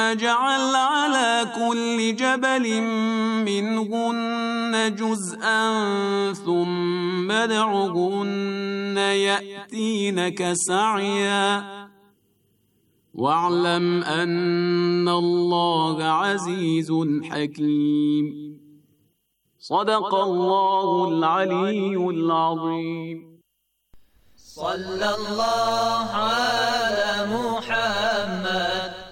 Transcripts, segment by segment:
ثم اجعل على كل جبل منهن جزءا ثم ادعهن يأتينك سعيا واعلم أن الله عزيز حكيم صدق الله العلي العظيم صلى الله على محمد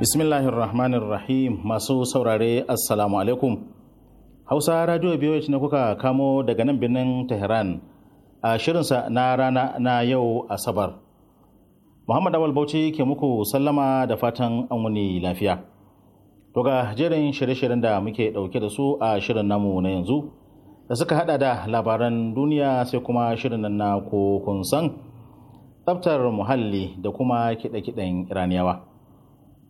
Bismillahirrahmanirrahim masu saurare Assalamu alaikum. Hausa Radio biyu ne kuka kamo daga nan birnin Tehran a shirinsa na rana na yau Asabar. Muhammad Awal Bauchi ke muku sallama da fatan an wuni lafiya. To ga jerin shirye-shiryen da muke ɗauke da su a shirin namu na yanzu da suka hada da labaran duniya sai kuma shirin nan na kun san tsaftar muhalli da kuma kiɗe-kiɗen Iraniyawa.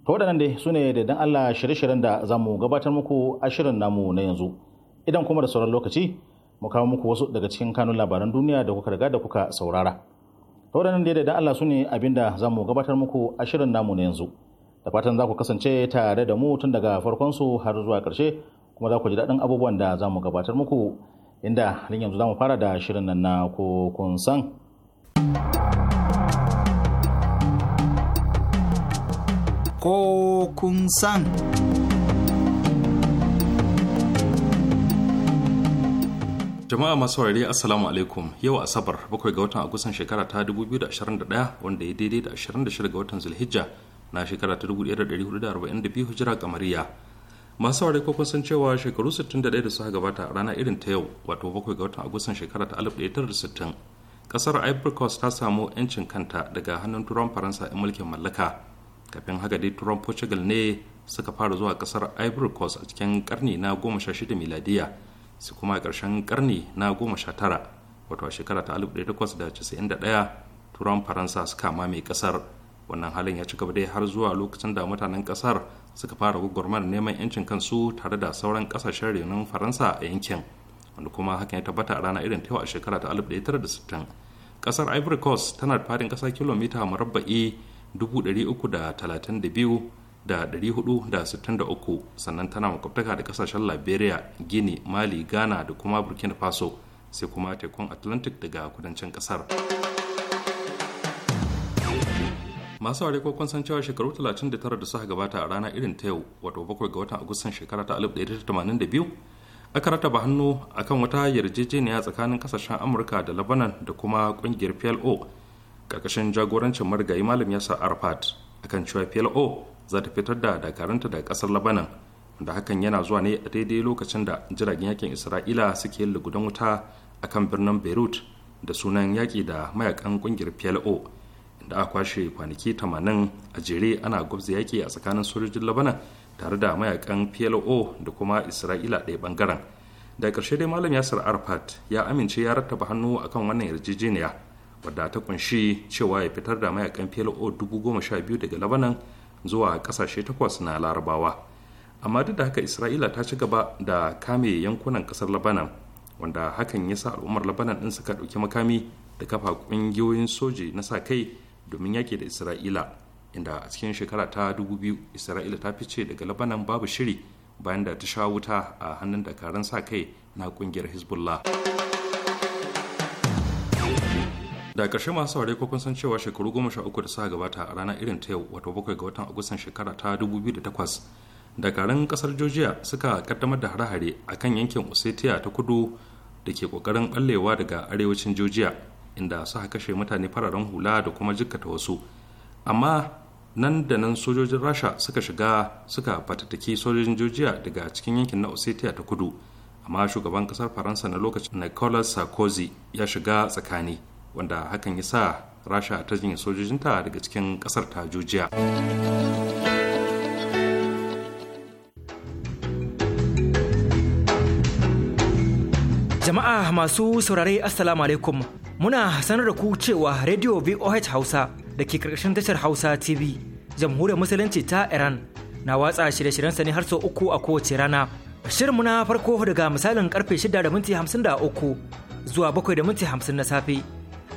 to waɗannan dai su ne da dan Allah shirye-shiryen da za mu gabatar muku a shirin namu na yanzu idan kuma da sauran lokaci mu kawo muku wasu daga cikin kanun labaran duniya da kuka riga da kuka saurara to waɗannan dai da dan Allah su ne abin da za mu gabatar muku a shirin namu na yanzu da fatan za ku kasance tare da mu tun daga farkon su har zuwa ƙarshe kuma za ku ji daɗin abubuwan da za mu gabatar muku inda har yanzu za mu fara da shirin nan na ko kun san. ko kun san. jama'a masu saurari assalamu alaikum yau asabar bakwai ga watan agusan shekara ta 2021 wanda ya daidai da 26 ga watan zulhijja na shekara ta 1442 hijira kamariya masu saurari ko san cewa shekaru 61 da suka gabata a rana irin ta yau wato bakwai ga watan agusan shekara ta 1960 kasar ivory coast ta samu 'yancin kanta daga hannun turan faransa 'yan mulkin mallaka kafin haka dai turan portugal ne suka fara zuwa kasar ivory coast a cikin karni na 16 miladiya su kuma a ƙarshen karni na 19 wato a shekara ta 1891 turan faransa suka mame kasar wannan halin ya ci gaba dai har zuwa lokacin da mutanen kasar suka fara gwagwarmar neman yancin kansu tare da sauran kasashen renon faransa a yankin wanda kuma hakan ya tabbata a rana irin tewa a shekara ta 1960 kasar ivory coast tana da fadin ƙasa kilomita murabba'i 1,332,463 sannan tana makwabtaka da kasashen liberia gini mali ghana da kuma burkina faso sai kuma tekun atlantic daga kudancin kasar masu ware ko san cewa shekaru 39 da suka gabata a rana irin ta yau wato bakwai ga watan agustan shekara ta 1982 aka rataba hannu akan wata yarjejeniya tsakanin kasashen amurka da lebanon da kuma kungiyar plo karkashin jagorancin marigayi malam yasa arafat akan cewa plo za ta fitar da dakaranta daga kasar labanan da hakan yana zuwa ne a daidai lokacin da jiragen yakin isra'ila suke yin lugudan wuta a kan birnin beirut da sunan yaƙi da mayakan ƙungiyar plo da aka kwashe kwanaki tamanin a jere ana gwabza yaƙi a tsakanin sojojin labanan tare da mayakan plo da kuma isra'ila ɗaya ɓangaren da ƙarshe dai malam yasir arafat ya amince ya rattaba hannu akan wannan yarjejeniya wadda ta kunshi cewa ya fitar da mayakan plo biyu daga labanan zuwa kasashe takwas na larabawa amma duk da haka isra'ila ta ci gaba da kame yankunan kasar labanan wanda hakan ya sa al'ummar labanan din suka ɗauki makami da kafa ƙungiyoyin soji na sa kai domin yaƙi da isra'ila inda a cikin shekara ta 2000 isra'ila ta fice daga labanan babu shiri bayan da ta sha wuta a hannun dakarun sa kai na ƙungiyar hezbollah da ƙarshe masu saurare ko kun san cewa shekaru goma sha uku da suka gabata a ranar irin ta yau wato bakwai ga watan agustan shekara ta da takwas dakarun ƙasar georgia suka kaddamar da hare-hare a kan yankin osetia ta kudu da ke ƙoƙarin ɓallewa daga arewacin georgia inda suka kashe mutane fararen hula da kuma jikkata wasu amma nan da nan sojojin rasha suka shiga suka fatattaki sojojin georgia daga cikin yankin na osetia ta kudu amma shugaban kasar faransa na lokacin nicolas sarkozy ya shiga tsakani wanda hakan ya sa rasha ta jinya sojojinta daga cikin kasar ta jujiya jama'a masu saurare assalamu alaikum muna sanar da ku cewa radio voh hausa da ke karkashin tashar hausa tv jamhuriyar musulunci ta iran na watsa shirye-shiryensa ne har sau uku a kowace rana shirin muna farko daga misalin karfe 6:53 zuwa bakwai da minti na safe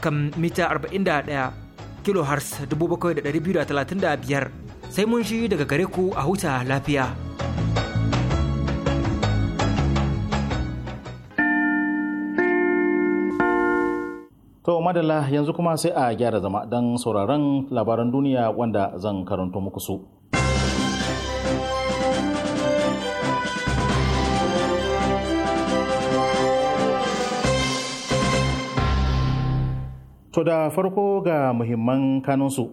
kan mita 41 kilohertz 7,235 sai mun shi daga gare ku a huta lafiya. To madalla yanzu kuma sai a gyara zama don sauraron labaran duniya wanda zan karanto muku su. To da farko ga muhimman kanunsu.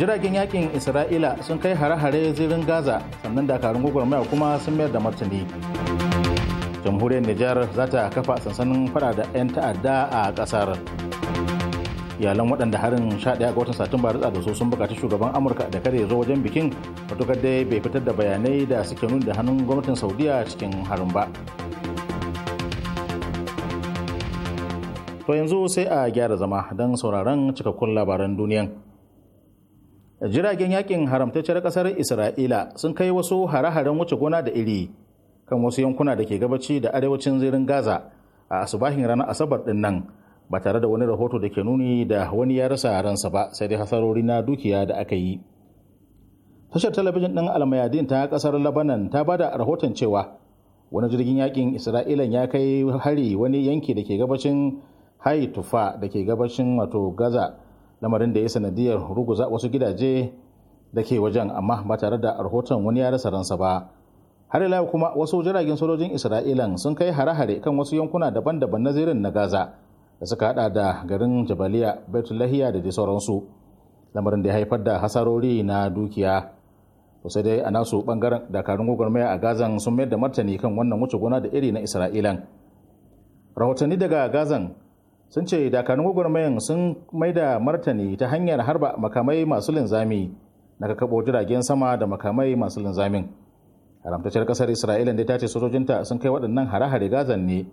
Jiragen yakin Isra'ila sun kai hare-hare zirin Gaza sannan dakarun gwagwarmaya kuma sun mayar da martani. Jamhuriyar Nijar za ta kafa sansanin fara da 'yan ta'adda a ƙasar. Iyalan waɗanda harin 11 ga watan Satumba ritsa da su sun buƙaci shugaban Amurka da kare zo wajen bikin matukar dai bai fitar da bayanai da suke nuna da hannun gwamnatin Saudiya cikin harin ba. To yanzu sai a gyara zama don sauraron cikakkun labaran duniyan. Jiragen yakin haramtacciyar kasar Isra'ila sun kai wasu hare-haren wuce gona da iri kan wasu yankuna da ke gabaci da arewacin zirin Gaza a asubahin ranar Asabar ɗin nan ba tare da wani rahoto da ke nuni da wani ya rasa ransa ba sai dai hasarori na dukiya da aka yi. Tashar talabijin ɗin Almayadin ta ƙasar Labanan ta bada rahoton cewa wani jirgin yakin isra'ila ya kai hari wani yanki da ke gabacin hai tufa da ke gabashin wato gaza lamarin da ya sanadiyar ruguza wasu gidaje da ke wajen amma ba tare da rahoton wani ya rasa ransa ba har ila kuma wasu jiragen sojojin isra'ilan sun kai hare-hare kan wasu yankuna daban-daban na zirin na gaza da suka hada da garin jabaliya betulahiya da dai sauransu lamarin da ya haifar da hasarori na dukiya sai dai a nasu bangaren dakarun gwagwarmaya a gazan sun mayar da martani kan wannan wuce gona da iri na isra'ilan rahotanni daga gazan sun ce dakarun gwagwarmayan sun mai da martani ta hanyar harba makamai masu linzami na kakabo jiragen sama da makamai masu linzamin haramtacciyar kasar isra'ila da ta ce sojojinta sun kai waɗannan hare-hare gazan ne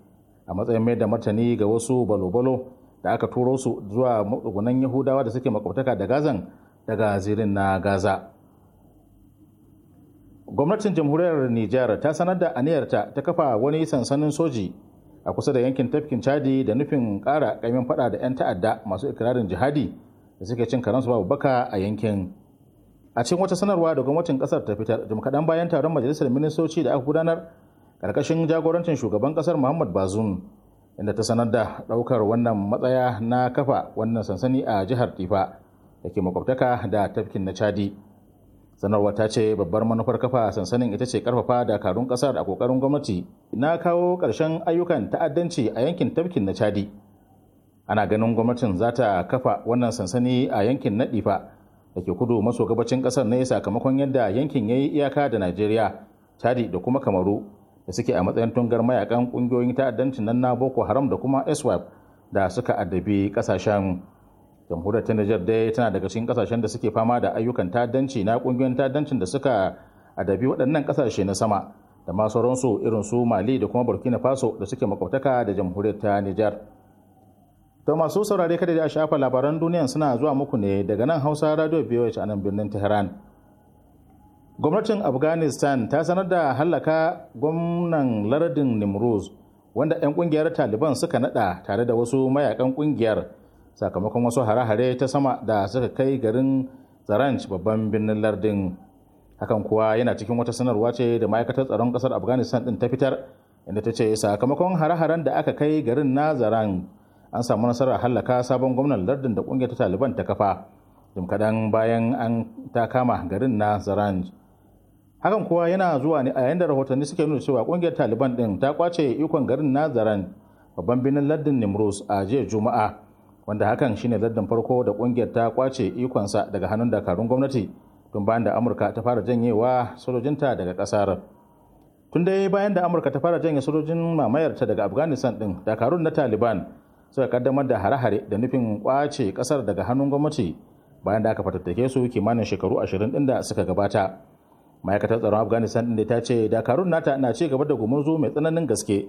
a matsayin mai da martani ga wasu balobalo da aka turo su zuwa matsugunan yahudawa da suke makwabtaka da gazan daga zirin na gaza gwamnatin jamhuriyar nijar ta sanar da aniyarta ta kafa wani sansanin soji a kusa da yankin tafkin chadi da nufin kara kaimin fada da 'yan ta'adda masu ikirarin jihadi da suke cin karansu babu baka a yankin a cikin wata sanarwa da gwamnatin kasar ta fitar jim kaɗan bayan taron majalisar ministoci da aka gudanar ƙarƙashin jagorancin shugaban kasar muhammad bazoum inda ta sanar da ɗaukar wannan matsaya na kafa wannan sansani a jihar tifa da ke makwabtaka da tafkin na chadi sanarwa ta ce babbar manufar kafa sansanin ita ce karfafa dakarun kasar a kokarin gwamnati na kawo ƙarshen ayyukan ta'addanci a yankin tafkin na chadi ana ganin gwamnatin za ta kafa wannan sansani a yankin na difa da ke kudu maso gabacin kasar ne sakamakon yadda yankin ya yi iyaka da najeriya chadi da kuma kamaru da suke a matsayin tungar mayakan kungiyoyin ta'addanci nan na boko haram da kuma swap da suka addabi kasashen. jamhuriyar ta Nijar dai tana daga cikin kasashen da suke fama da ayyukan ta'addanci na kungiyoyin ta'addancin da suka adabi waɗannan kasashe na sama da ma sauransu irin su Mali da kuma Burkina Faso da suke makwataka da jamhuriyar ta Nijar. To masu saurare kada da shafa labaran duniyan suna zuwa muku ne daga nan Hausa Radio BOH a nan birnin Tehran. Gwamnatin Afghanistan ta sanar da hallaka gwamnan lardin Nimruz wanda 'yan kungiyar Taliban suka nada tare da wasu mayakan kungiyar sakamakon wasu hare-hare ta sama da suka kai garin zaranj babban birnin lardin hakan kuwa yana cikin wata sanarwa ce da ma'aikatar tsaron kasar afghanistan din ta fitar inda ta ce sakamakon hare-haren da aka kai garin na zaran an samu nasarar hallaka sabon gwamnan lardin da kungiyar ta taliban ta kafa jim kaɗan bayan an ta kama garin na zaran hakan kuwa yana zuwa ne a yayin da rahotanni suke nuna cewa kungiyar taliban din ta kwace ikon garin na zaran babban birnin lardin nimrus a jiya juma'a wanda hakan shine lardin farko da kungiyar ta kwace ikonsa daga hannun dakarun gwamnati tun bayan da amurka ta fara janyewa sojojinta daga kasar tun dai bayan da amurka ta fara janye sojojin mamayarta daga afghanistan din dakarun na taliban suka kaddamar da hare-hare da nufin kwace kasar daga hannun gwamnati bayan da aka fatattake su kimanin shekaru ashirin din da suka gabata ma'aikatar tsaron afghanistan din ta ce dakarun nata na ci gaba da gumurzu mai tsananin gaske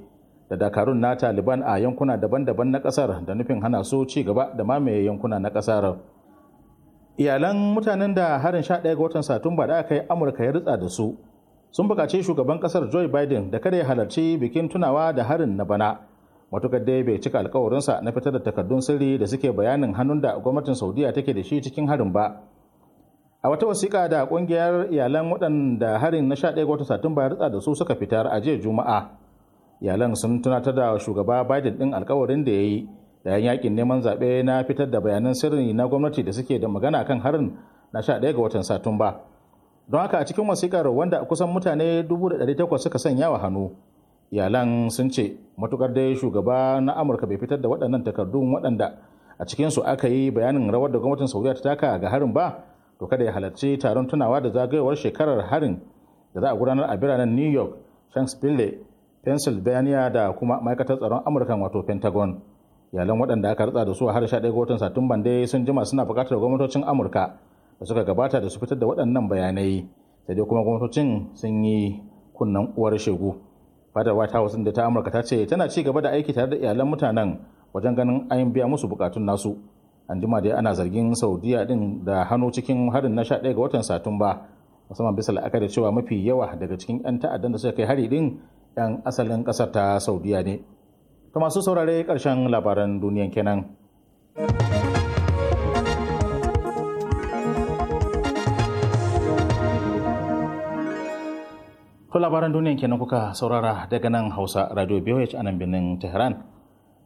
da dakarun na taliban a yankuna daban-daban na kasar da nufin hana su ci gaba da mamaye yankuna na kasar iyalan mutanen da harin sha ɗaya ga watan satumba da aka yi amurka ya ritsa da su sun buƙaci shugaban kasar joe biden da kada ya halarci bikin tunawa da harin na bana matukar dai bai cika alkawarinsa na fitar da takardun sirri da suke bayanin hannun da gwamnatin saudiya take da shi cikin harin ba a wata wasiƙa da ƙungiyar iyalan waɗanda harin na 11 ga watan satumba ya ritsa da su suka fitar a jiya juma'a iyalan sun tunatar da shugaba biden din alkawarin da ya yi yayin yakin neman zaɓe na fitar da bayanan sirri na gwamnati da suke da magana kan harin na 11 ga watan satumba don haka a cikin wasikar wanda kusan mutane 1,800 suka sanya wa hannu iyalan sun ce matukar dai shugaba na amurka bai fitar da waɗannan takardun waɗanda a cikinsu aka yi bayanin rawar da gwamnatin saudiya ta taka ga harin ba to kada ya halarci taron tunawa da zagayowar shekarar harin da za a gudanar a biranen new york shanksville pennsylvania da kuma ma'aikatar tsaron amurka wato pentagon iyalan waɗanda aka ratsa da su a har 11 ga watan satumban dai sun jima suna buƙatar gwamnatocin amurka da suka gabata da su fitar da waɗannan bayanai sai dai kuma gwamnatocin sun yi kunnen uwar shegu fadar white house da ta amurka ta ce tana ci gaba da aiki tare da iyalan mutanen wajen ganin an biya musu bukatun nasu an jima dai ana zargin saudiya din da hannu cikin harin na 11 ga watan satumba musamman bisa la'akari cewa mafi yawa daga cikin 'yan ta'addan da suka kai hari din 'yan asalin ƙasar ta saudiya ne Ta masu saurare ƙarshen labaran duniyan kenan to labaran duniyan kenan kuka saurara daga nan hausa radio BOH a nan birnin tehran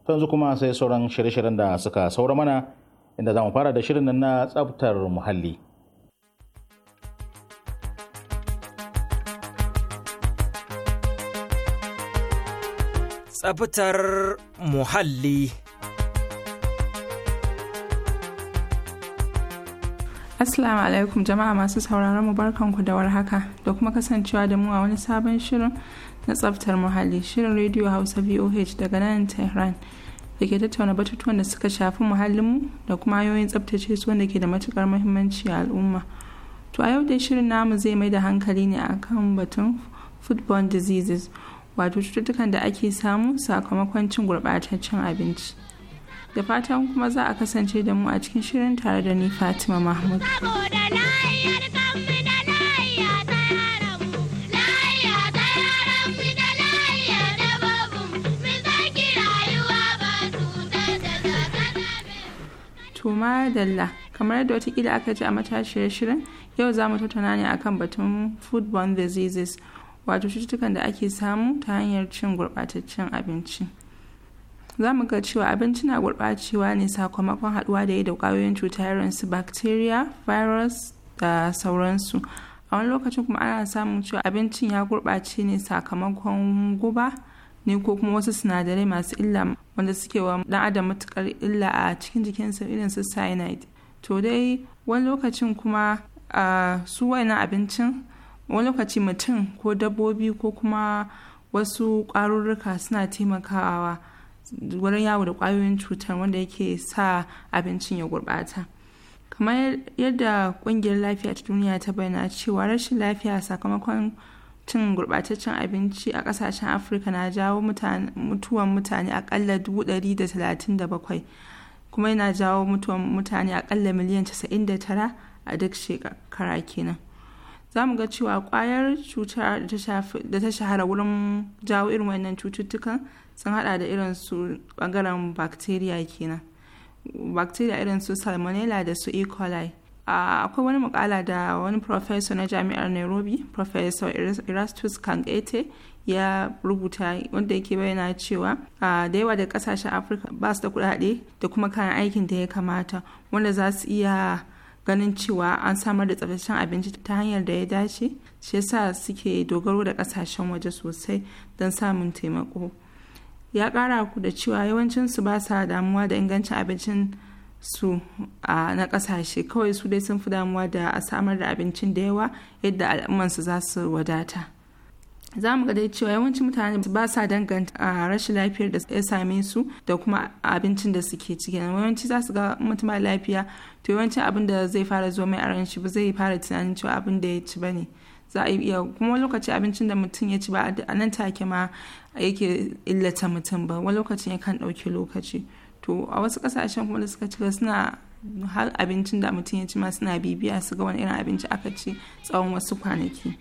to yanzu kuma sai sauran shirye-shiryen da suka saura mana inda za mu fara da shirin na tsabtar muhalli tsabtar muhalli. Assalamu alaikum jama'a masu sauraron mu barkanku da warhaka da kuma kasancewa da mu a wani sabon shirin na tsabtar muhalli shirin rediyo Hausa VOH daga nan Tehran da ke tattauna batutuwan da suka shafi muhallinmu da kuma hanyoyin tsabtace su wanda ke da matukar muhimmanci a al'umma. To a yau dai shirin namu zai mai da hankali ne akan batun foodborne diseases wato cututtukan da ake samu sakamakon cin gurɓataccen abinci da fatan kuma za a kasance da mu a cikin shirin tare da ni fatima mahmud Tuma Dalla kamar yadda watakila aka ji a matashiyar shirin yau za mu tattauna ne akan batun foodborne diseases wato cututtukan da ake samu ta hanyar cin gurɓataccen abinci za mu ga cewa abinci na gurɓacewa ne sakamakon haɗuwa da yi da ƙwayoyin cuta irin su bacteria virus da sauransu a wani lokacin kuma ana samun cewa abincin ya gurɓace ne sakamakon guba ne ko kuma wasu sinadarai masu illa wanda suke wa dan adam matukar illa a cikin jikinsa irin su cyanide to dai wani lokacin kuma ah, su waina abincin wani lokaci mutum ko dabbobi ko kuma wasu ƙwarurruka suna taimakawa wurin yawo da ƙwayoyin cutar wanda yake sa abincin ya gurɓata kamar yadda ƙungiyar lafiya ta duniya ta bayyana cewa rashin lafiya sakamakon cin gurɓataccen abinci a ƙasashen afirka na jawo mutuwan mutane aƙalla 137 kuma yana jawo mutuwan mutane aƙalla miliyan 99 a duk shekara kenan za mu ga cewa kwayar cuta da ta shahara wurin jawo irin wannan cututtukan sun hada da irin su bangaren bacteria kenan bacteria irin su salmonella da su e. coli akwai wani mukala da wani professor na jami'ar nairobi professor erastus kangete ya rubuta wanda yake bayyana cewa da yawa da kasashen afirka ba su da kudade da kuma kayan aikin da ya kamata wanda za su iya ganin cewa an samar da tsaftacen abinci ta hanyar da ya dace shi yasa suke dogaro da kasashen waje sosai don samun taimako ya kara ku da cewa yawancinsu ba sa damuwa da ingancin abincin su a na kasashe kawai su dai sun fi damuwa da a samar da abincin da yawa yadda al'ummansu za su wadata za mu ga dai cewa yawancin mutane ba sa danganta a rashin lafiyar da ya same su da kuma abincin da suke ciki yawanci za su ga mutum lafiya to yawancin abin da zai fara zuwa mai aran shi ba zai fara tunanin cewa abin da ya ci ba ne za a iya kuma wani lokaci abincin da mutum ya ci ba a nan take ma yake illata mutum ba wani lokacin yakan ɗauki lokaci to a wasu ƙasashen kuma da suka ci suna har abincin da mutum ya ci ma suna bibiya su ga wani irin abinci aka ci tsawon wasu kwanaki.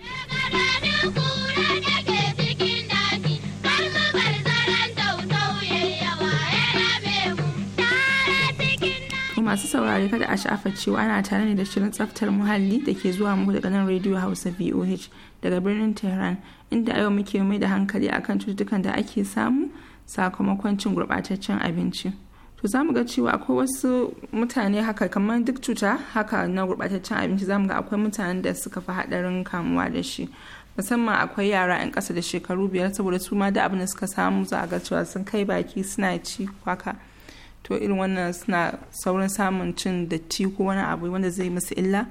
masu saurari kada a sha'afa cewa ana tare ne da shirin tsaftar muhalli da ke zuwa muku daga nan rediyo hausa voh daga birnin tehran inda yau muke mai da hankali akan cututtukan da ake samu sakamakon cin gurɓataccen abinci. to za mu ga cewa akwai wasu mutane haka kamar duk cuta haka na gurɓataccen abinci za mu ga akwai mutanen da suka fi haɗarin kamuwa da shi musamman akwai yara 'yan ƙasa da shekaru biyar saboda su ma da abin da suka samu za a ga cewa sun kai baki suna ci kwaka to irin wannan suna saurin samun cin datti ko wani abu wanda zai musu illa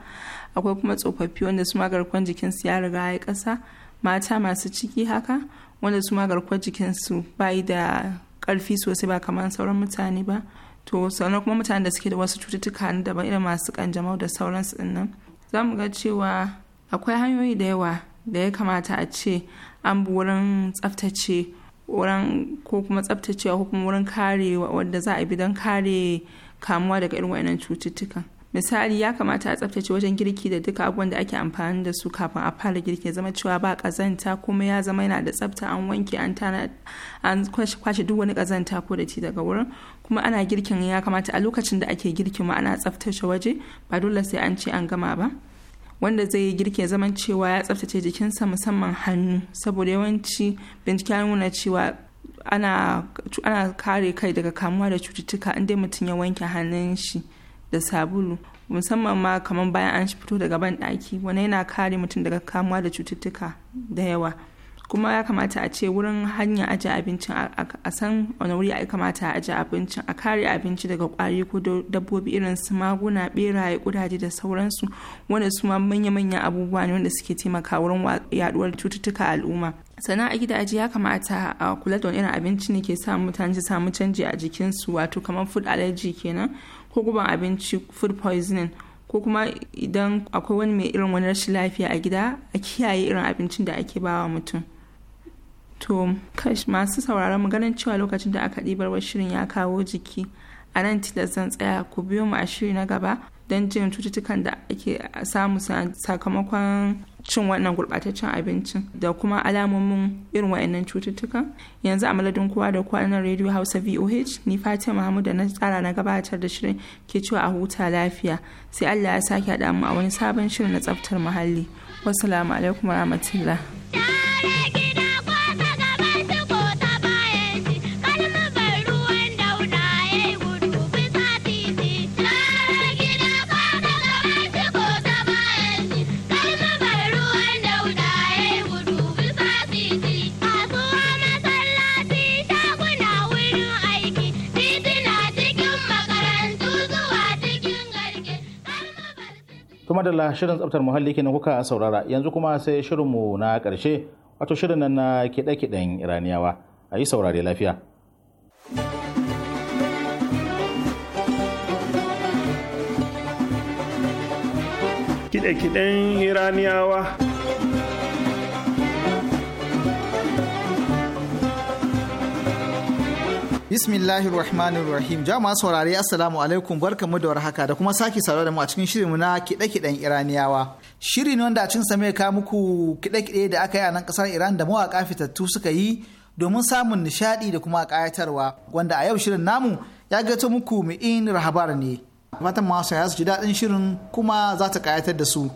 akwai kuma tsofaffi wanda su ma garkuwar jikinsu ya riga ya ƙasa mata masu ciki haka wanda su ma garkuwar jikinsu bayi da karfi sosai ba kamar sauran mutane ba to sannan kuma mutane da suke da wasu cututtuka na daban irin masu kanjamau da sauransu din nan za mu ga cewa akwai hanyoyi da yawa da ya kamata a ce an bi wurin tsaftace wurin ko kuma tsaftacewa ko kuma wurin kare wadda za a bi don kare kamuwa daga irin wa'annan cututtukan misali ya kamata a tsaftace wajen girki da duka abubuwan da ake amfani da su kafin a fara girki zama cewa ba kazanta kuma ya zama yana da tsafta an wanke an tana an kwashe duk wani kazanta ko datti daga wurin kuma ana girkin ya kamata a lokacin da ake girkin ma ana tsaftace waje ba dole sai an ce an gama ba wanda zai yi girki zaman cewa ya tsaftace jikinsa musamman hannu saboda yawanci bincike ya nuna cewa ana kare kai daga kamuwa da cututtuka inda mutum ya wanke hannun shi da sabulu musamman ma kamar bayan an fito daga ban ɗaki wani yana kare mutum daga kamuwa da cututtuka da yawa kuma ya kamata a ce wurin hanya ajiye abincin a san wani wuri ya kamata a ajiye abincin a kare abinci daga kwari ko dabbobi irin su maguna beraye kudaje da sauransu wanda su ma manya-manyan abubuwa ne wanda suke taimaka wurin yaduwar cututtuka al'umma sannan a gidaje ya kamata a kula da wani irin abinci ne ke sa mutane su samu canji a jikinsu wato kamar food allergy kenan ko guban abinci food poisoning ko kuma idan akwai wani mai irin wani rashin lafiya a gida a kiyaye irin abincin da ake bawa mutum to kash masu sauraron mu ganin cewa lokacin da aka ɗibar shirin ya kawo jiki a nan tilas zan tsaya ku biyo mu a shiri na gaba don jin cututtukan da ake samu sakamakon cin wannan gurɓataccen abincin da kuma alamomin irin wa'annan cututtukan yanzu a maladin kowa da kowa na radio hausa voh ni fatima mahmud da na tsara na gabatar da shirin ke cewa a huta lafiya sai allah ya sake haɗa mu a wani sabon shirin na tsaftar muhalli wasu alaikum rahmatullah. madalla shirin tsaftar muhalli kenan kuka saurara yanzu kuma sai shirinmu na ƙarshe wato shirin nan na kiɗe-kiɗen iraniyawa a yi saurare lafiya kiɗe-kiɗen iraniyawa Bismillahir Rahmanir Rahim. Jama'a saurari Assalamu alaikum barkamu da warhaka da kuma sake saurare da mu a cikin shirinmu na kiɗe-kiɗen Iraniyawa. Shiri ne wanda a cikin same ka muku kiɗe-kiɗe da aka yi a nan kasar Iran da mawaka fitattu suka yi domin samun nishadi da kuma kayatarwa wanda a yau shirin namu ya gato muku mu in rahabar ne. Fatan masu ya ji daɗin shirin kuma za ta kayatar da su.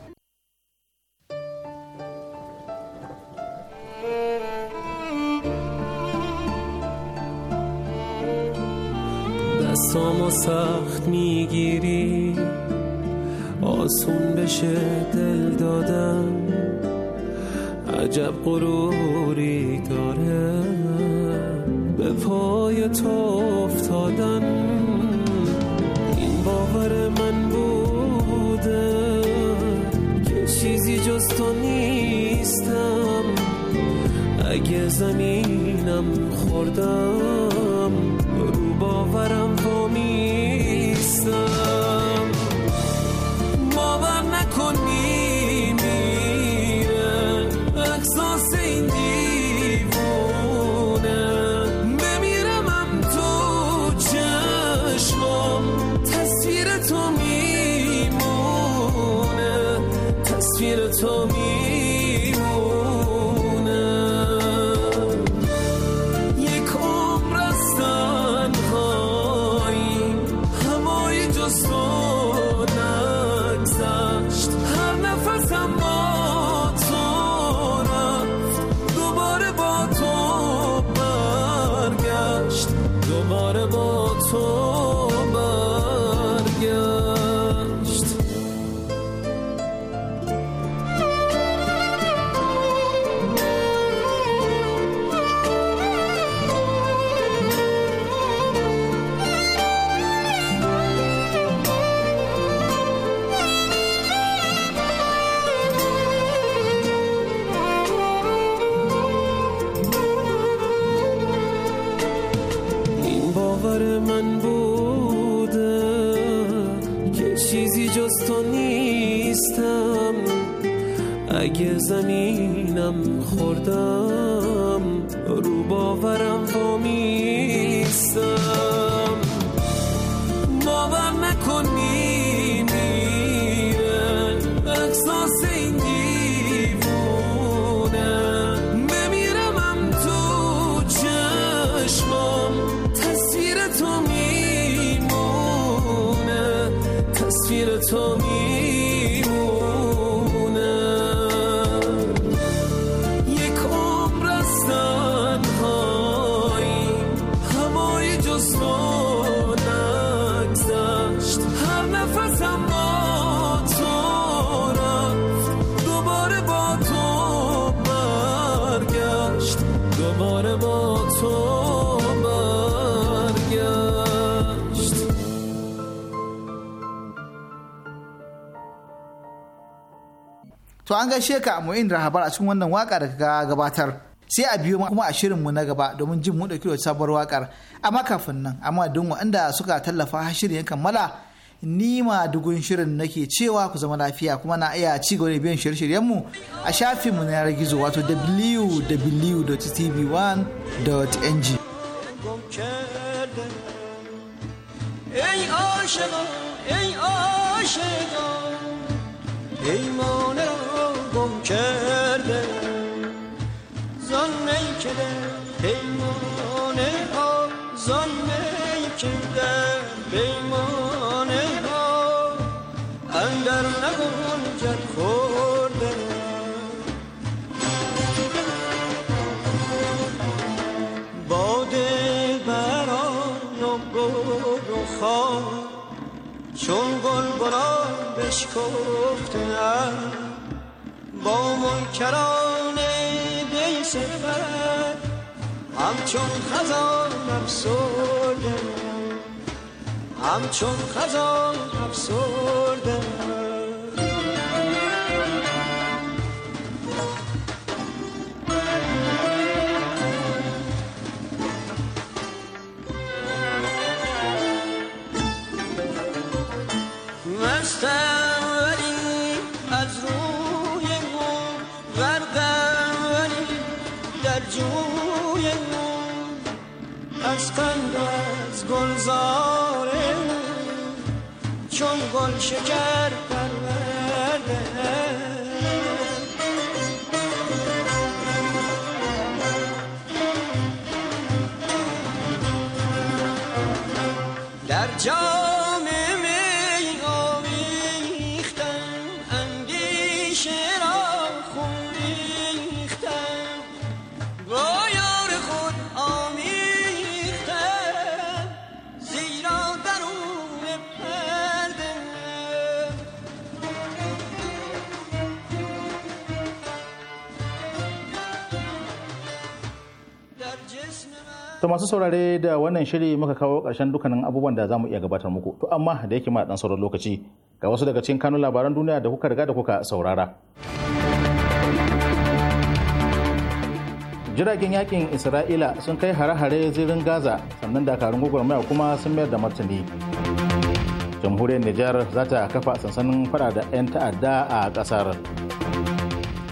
دستامو سخت میگیری آسون بشه دل دادم عجب غروری داره به پای تو افتادن این باور من بوده که چیزی جز تو نیستم اگه زمینم خوردم تو نیستم اگه زمینم خوردم To an gaishe ka Mu'in Rahabar a cikin wannan waka da ka gabatar. Sai a biyo kuma a shirinmu na gaba domin jin mu dauki da sabuwar wakar. Amma kafin nan, amma don waɗanda suka tallafa shirin ya kammala ni ma dugun shirin nake cewa ku zama lafiya kuma na iya ci gaba da biyan shirye-shiryenmu a shafinmu na yanar gizo wato www.tv1.ng گم کرده زان ای که به پیمانه ها زان که به پیمانه ها اندر جد خورده باده بران نگو و خوام چون گل بران بشکفته با منکران دی سفر، همچون خزون افسوده، همچون خزان افسردم همچون خزان افسردم از قند از گلزاره چون گل شکر پرورده masu saurare da wannan shiri muka kawo ƙarshen dukkanin abubuwan da za mu iya gabatar muku to amma da yake ma dan sauran lokaci ga wasu daga cikin kanun labaran duniya da kuka riga da kuka saurara. jiragen yakin isra'ila sun kai hare-hare zirin gaza sannan dakarun gwagwarmaya kuma sun mayar da martani jamhuriyar nijar za ta kafa sansanin fara da 'yan ta'adda a ƙasar.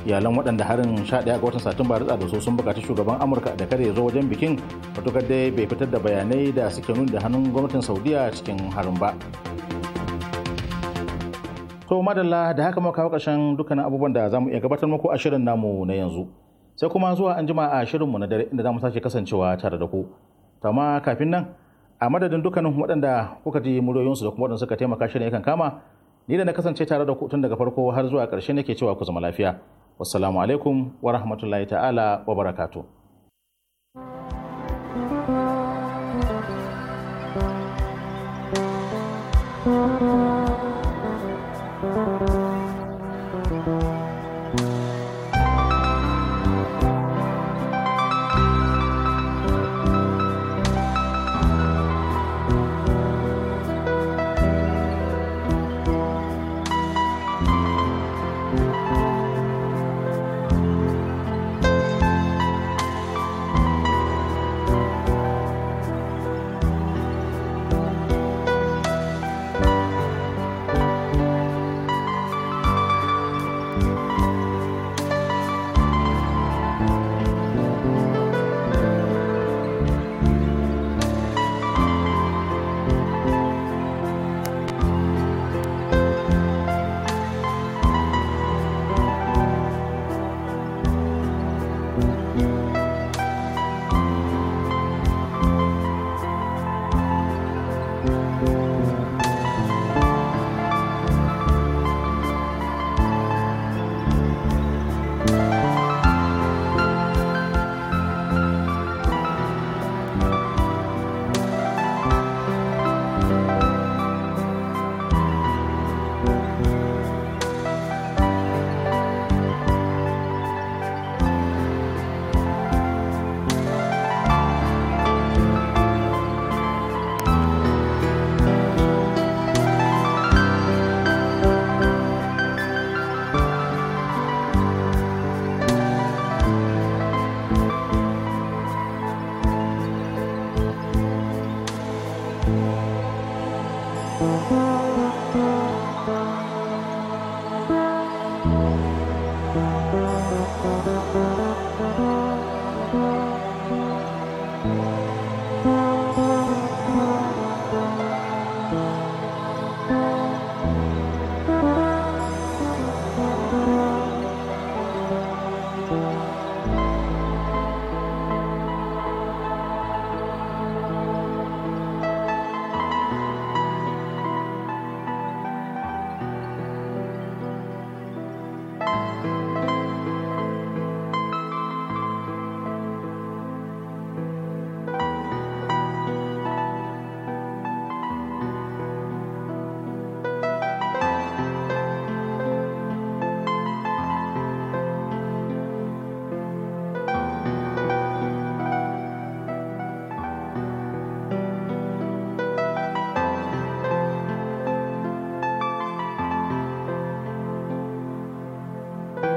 iyalan waɗanda harin 11 ga watan satumba ritsa da su sun bukaci shugaban amurka da kada ya zo wajen bikin matukar dai bai fitar da bayanai da suke nuni da hannun gwamnatin saudiya cikin harin ba to madalla da haka muka kawo ƙarshen dukkanin abubuwan da zamu iya gabatar muku a shirin namu na yanzu sai kuma zuwa an jima a shirinmu na dare inda zamu sake kasancewa tare da ku amma kafin nan a madadin dukkanin waɗanda kuka ji muryoyinsu da kuma waɗanda suka taimaka shirin yakan kama ni da na kasance tare da ku tun daga farko har zuwa ƙarshe nake cewa ku zama lafiya wasalamu alaikum wa rahmatullahi ta'ala wa barakatuh